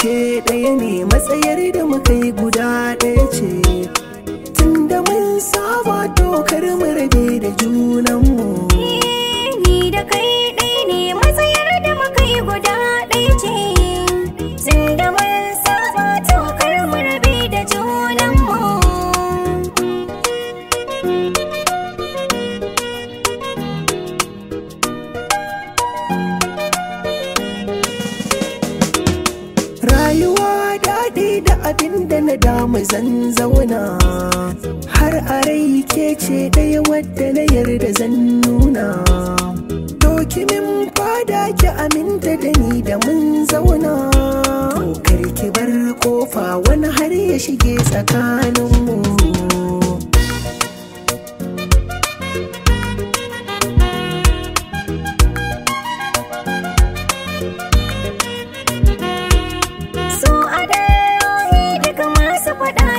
ke ɗaya ne matsayar da muka yi guda ɗaya ce tun da mun saba dokar mu rabe da junanmu ni da kai abin da na damu zan zauna har a rai ke ce ɗaya wadda na yarda zan nuna doki min fada ki aminta da ni da mun zauna to ki bar kofa wani har ya shige tsakanin mu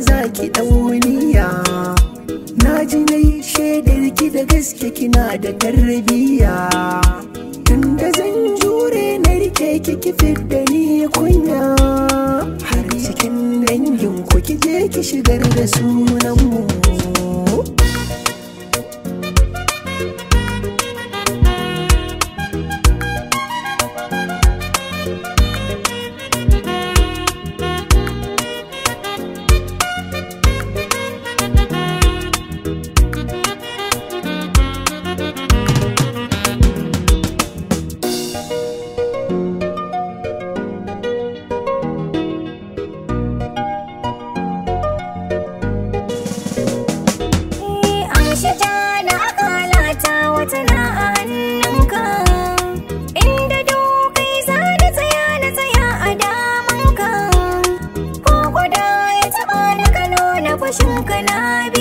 za ki ɗauniya na ji na yi shaidar ki da gaske kina da tarbiya tun da zan jure na rike ki ki da ni kunya har cikin dangin ku ki je ki shigar da sunan mu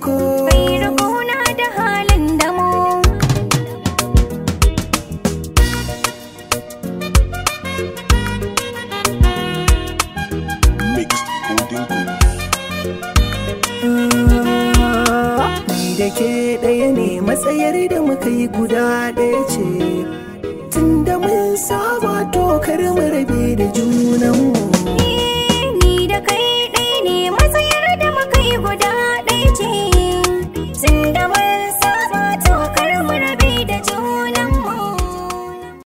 rako da halin damo Mai da ke ɗaya ne matsayar da muka yi guda ɗaya ce Tunda mun saba to kar mu rabe da junanmu